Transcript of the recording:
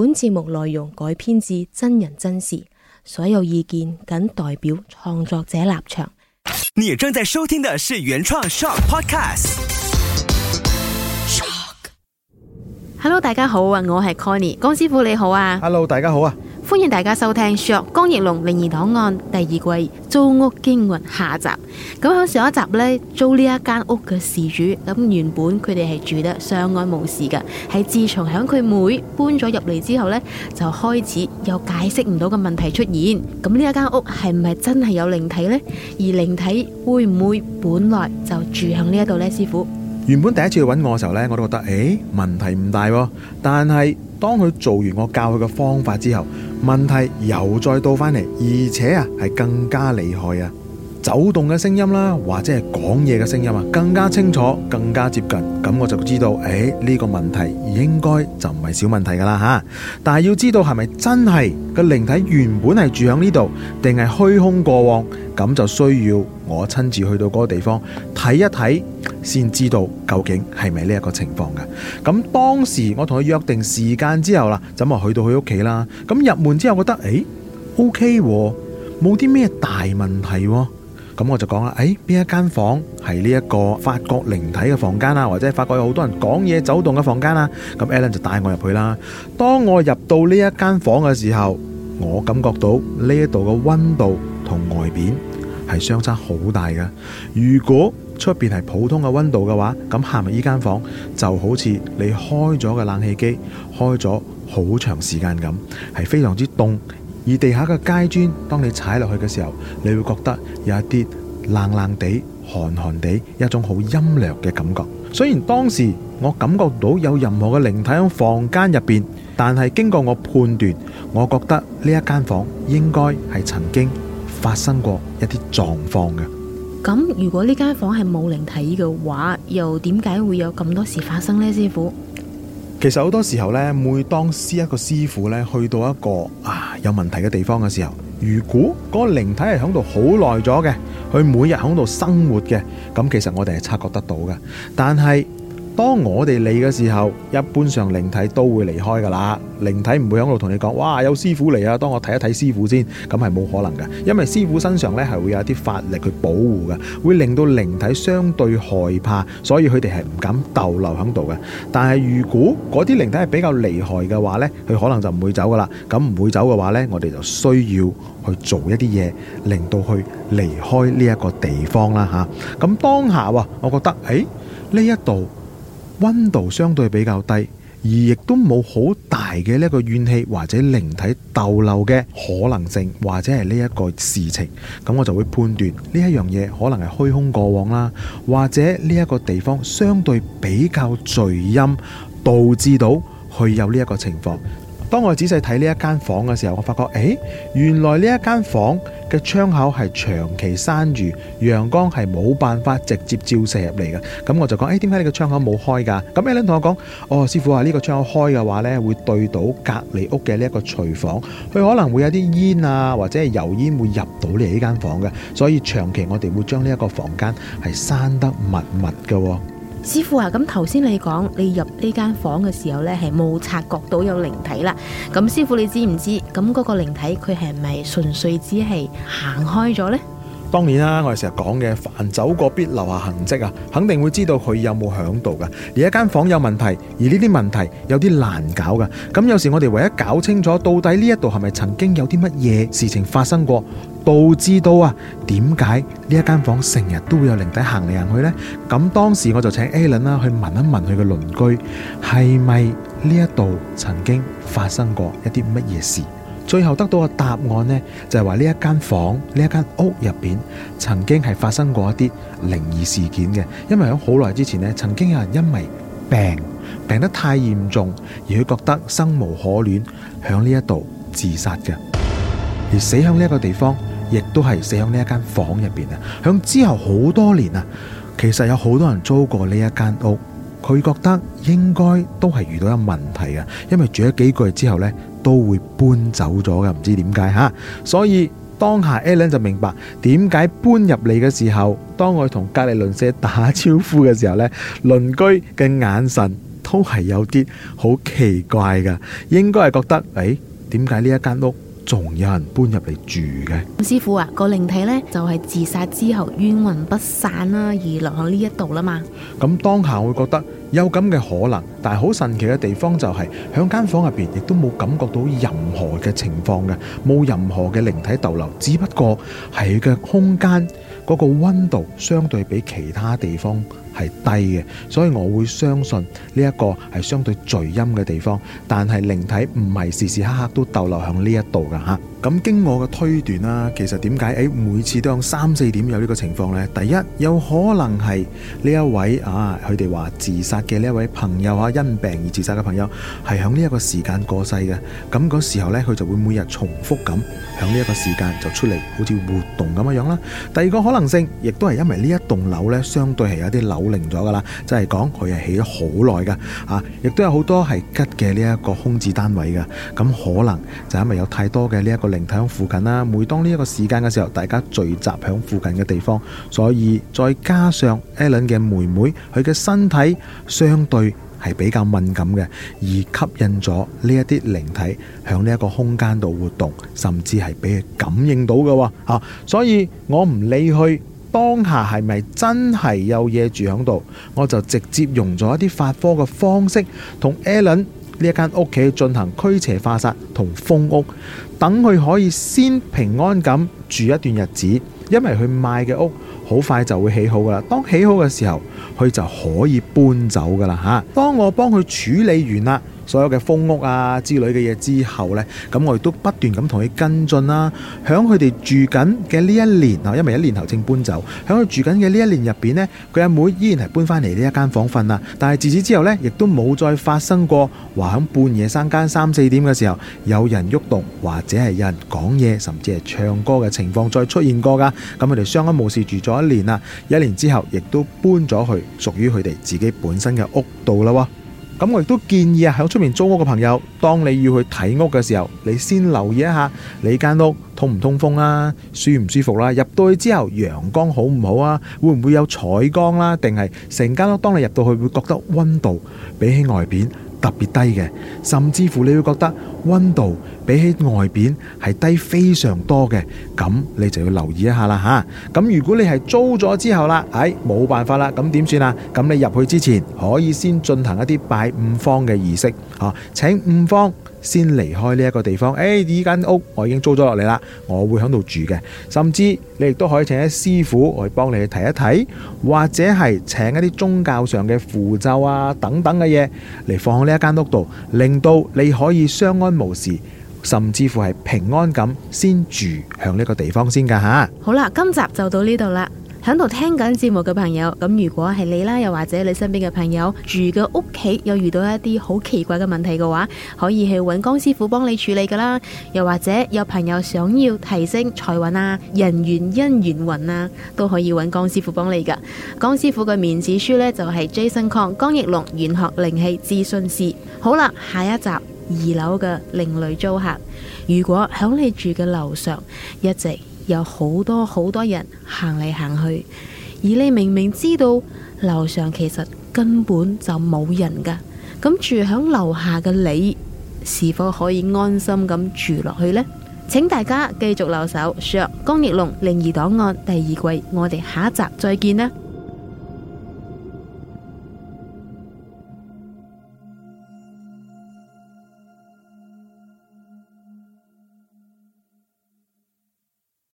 本節目內容改編自真人真事，所有意見僅代表創作者立場。你正在收聽的是原創 Shock Podcast。Shock，Hello，大家好啊，我係 Connie 江師傅你好啊，Hello，大家好,我 Conny, 江師傅你好啊。Hello, 大家好歡迎大家收聽《上江奕龍靈異檔案》第二季《租屋驚魂》下集。咁喺上一集呢，租呢一間屋嘅事主，咁原本佢哋係住得相安無事嘅，係自從響佢妹搬咗入嚟之後呢，就開始有解釋唔到嘅問題出現。咁呢一間屋係唔係真係有靈體呢？而靈體會唔會本來就住響呢一度呢？師傅，原本第一次去揾我嘅時候呢，我都覺得誒、哎、問題唔大、哦，但係。當佢做完我教佢嘅方法之後，問題又再倒返嚟，而且啊係更加厲害啊！走動嘅聲音啦，或者係講嘢嘅聲音啊，更加清楚，更加接近。咁我就知道，誒，呢個問題應該就唔係小問題噶啦吓。但係要知道係咪真係個靈體原本係住響呢度，定係虛空過往，咁就需要我親自去到嗰個地方睇一睇，先知道究竟係咪呢一個情況嘅。咁當時我同佢約定時間之後啦，就我去到佢屋企啦。咁入門之後覺得，誒，OK，冇啲咩大問題啊。咁我就講啦，誒、欸、邊一間房係呢一個法國靈體嘅房間啊，或者法國有好多人講嘢走動嘅房間啊？咁 Allen 就帶我入去啦。當我入到呢一間房嘅時候，我感覺到呢一度嘅溫度同外面係相差好大嘅。如果出邊係普通嘅溫度嘅話，咁下面依間房間就好似你開咗嘅冷氣機開咗好長時間咁，係非常之凍。而地下嘅街磚，當你踩落去嘅時候，你會覺得有一啲冷冷地、寒寒地，一種好陰涼嘅感覺。雖然當時我感覺到有任何嘅靈體喺房間入邊，但係經過我判斷，我覺得呢一間房應該係曾經發生過一啲狀況嘅。咁如果呢間房係冇靈體嘅話，又點解會有咁多事發生呢，師傅？其實好多時候呢，每當師，一個師傅呢，去到一個啊有問題嘅地方嘅時候，如果嗰個靈體係響度好耐咗嘅，佢每日響度生活嘅，咁其實我哋係察覺得到嘅，但係，當我哋嚟嘅時候，一般上靈體都會離開噶啦。靈體唔會喺度同你講，哇有師傅嚟啊！當我睇一睇師傅先，咁係冇可能嘅，因為師傅身上呢係會有一啲法力去保護嘅，會令到靈體相對害怕，所以佢哋係唔敢逗留喺度嘅。但係如果嗰啲靈體係比較厲害嘅話呢，佢可能就唔會走噶啦。咁唔會走嘅話呢，我哋就需要去做一啲嘢，令到佢離開呢一個地方啦嚇。咁當下喎，我覺得誒呢一度。溫度相對比較低，而亦都冇好大嘅呢一個怨氣或者靈體逗留嘅可能性，或者係呢一個事情，咁我就會判斷呢一樣嘢可能係虛空過往啦，或者呢一個地方相對比較聚陰，導致到佢有呢一個情況。當我仔細睇呢一間房嘅時候，我發覺，誒、哎，原來呢一間房嘅窗口係長期閂住，陽光係冇辦法直接照射入嚟嘅。咁我就講，誒、哎，點解你個窗口冇開噶？咁 Allen 同我講，哦，師傅啊，呢、呢個窗口開嘅話呢，會對到隔籬屋嘅呢一個廚房，佢可能會有啲煙啊，或者係油煙會入到你呢間房嘅。所以長期我哋會將呢一個房間係閂得密密嘅，哦。師傅啊，咁頭先你講你入呢間房嘅時候呢，係冇察覺到有靈體啦。咁師傅你知唔知？咁嗰個靈體佢係咪純粹只係行開咗呢？當然啦、啊，我哋成日講嘅，凡走過必留下痕跡啊，肯定會知道佢有冇響度噶。而一間房有問題，而呢啲問題有啲難搞噶。咁有時我哋唯一搞清楚，到底呢一度係咪曾經有啲乜嘢事情發生過，導致到啊點解呢一間房成日都會有靈體行嚟行去呢？咁當時我就請 Alan 啦、啊、去問一問佢嘅鄰居，係咪呢一度曾經發生過一啲乜嘢事？最後得到嘅答案呢，就係話呢一間房、呢一間屋入邊，曾經係發生過一啲靈異事件嘅。因為喺好耐之前咧，曾經有人因為病病得太嚴重，而佢覺得生無可戀，響呢一度自殺嘅。而死響呢一個地方，亦都係死響呢一間房入邊啊！響之後好多年啊，其實有好多人租過呢一間屋，佢覺得應該都係遇到一問題啊，因為住咗幾個月之後呢。都會搬走咗嘅，唔知點解吓。所以當下 Alan 就明白點解搬入嚟嘅時候，當我同隔籬鄰舍打招呼嘅時候咧，鄰居嘅眼神都係有啲好奇怪嘅，應該係覺得誒，點解呢一間屋仲有人搬入嚟住嘅，師傅啊，個靈體呢就係自殺之後冤魂不散啦，而留喺呢一度啦嘛。咁當下會覺得有咁嘅可能，但係好神奇嘅地方就係響間房入邊，亦都冇感覺到任何嘅情況嘅，冇任何嘅靈體逗留，只不過係佢嘅空間。嗰個溫度相對比其他地方係低嘅，所以我會相信呢一個係相對聚陰嘅地方。但係靈體唔係時時刻刻都逗留響呢一度㗎嚇。咁經我嘅推斷啦，其實點解誒每次都響三四點有呢個情況咧？第一有可能係呢一位啊，佢哋話自殺嘅呢一位朋友啊，因病而自殺嘅朋友，係響呢一個時間過世嘅。咁嗰時候咧，佢就會每日重複咁響呢一個時間就出嚟，好似活動咁樣樣啦。第二個可能性，亦都係因為呢一棟樓咧，相對係有啲樓齡咗噶啦，即係講佢係起咗好耐噶啊，亦都有好多係吉嘅呢一個空置單位嘅。咁可能就因為有太多嘅呢一個。靈體響附近啦，每當呢一個時間嘅時候，大家聚集響附近嘅地方，所以再加上 Allen 嘅妹妹，佢嘅身體相對係比較敏感嘅，而吸引咗呢一啲靈體響呢一個空間度活動，甚至係俾佢感應到嘅吓。所以我唔理佢當下係咪真係有嘢住響度，我就直接用咗一啲法科嘅方式同 Allen。呢一間屋企進行驅邪化煞同封屋，等佢可以先平安咁住一段日子，因為佢賣嘅屋好快就會起好噶啦。當起好嘅時候，佢就可以搬走噶啦吓。當我幫佢處理完啦，所有嘅封屋啊之類嘅嘢之後呢，咁我亦都不斷咁同佢跟進啦。響佢哋住緊嘅呢一年啊，因為一年頭正搬走，響佢住緊嘅呢一年入邊呢，佢阿妹，妹依然係搬翻嚟呢一間房瞓啦。但係自此之後呢，亦都冇再發生過話響半夜三更三四點嘅時候有人喐動，動，或者係有人講嘢，甚至係唱歌嘅情況再出現過噶。咁佢哋相安無事住咗一年啦。一年之後，亦都搬咗去屬於佢哋自己本身嘅屋度啦喎。咁我亦都建議啊，喺出面租屋嘅朋友，當你要去睇屋嘅時候，你先留意一下你間屋通唔通風啦、啊，舒唔舒服啦、啊。入到去之後，陽光好唔好會會啊？會唔會有採光啦？定係成間屋當你入到去會覺得溫度比起外邊，特別低嘅，甚至乎你會覺得温度比起外邊係低非常多嘅，咁你就要留意一下啦吓。咁、啊、如果你係租咗之後啦，唉、哎，冇辦法啦，咁點算啊？咁你入去之前可以先進行一啲拜五方嘅儀式，哦、啊，請五方，先離開呢一個地方，誒、哎，呢間屋我已經租咗落嚟啦，我會喺度住嘅。甚至你亦都可以請一啲師傅去幫你去睇一睇，或者係請一啲宗教上嘅符咒啊等等嘅嘢嚟放喺呢一間屋度，令到你可以相安無事，甚至乎係平安咁先住向呢個地方先噶吓。啊、好啦，今集就到呢度啦。喺度聽緊節目嘅朋友，咁如果係你啦，又或者你身邊嘅朋友住嘅屋企又遇到一啲好奇怪嘅問題嘅話，可以去揾江師傅幫你處理噶啦。又或者有朋友想要提升財運啊、人緣、姻緣運啊，都可以揾江師傅幫你噶。江師傅嘅面子書呢，就係 Jason Kong 江奕龍玄學靈氣諮詢師。好啦，下一集二樓嘅另類租客，如果響你住嘅樓上一直。有好多好多人行嚟行去，而你明明知道樓上其實根本就冇人噶，咁住響樓下嘅你，是否可以安心咁住落去呢？請大家繼續留守《Sir, 江奕龍靈異檔案》第二季，我哋下一集再見啦！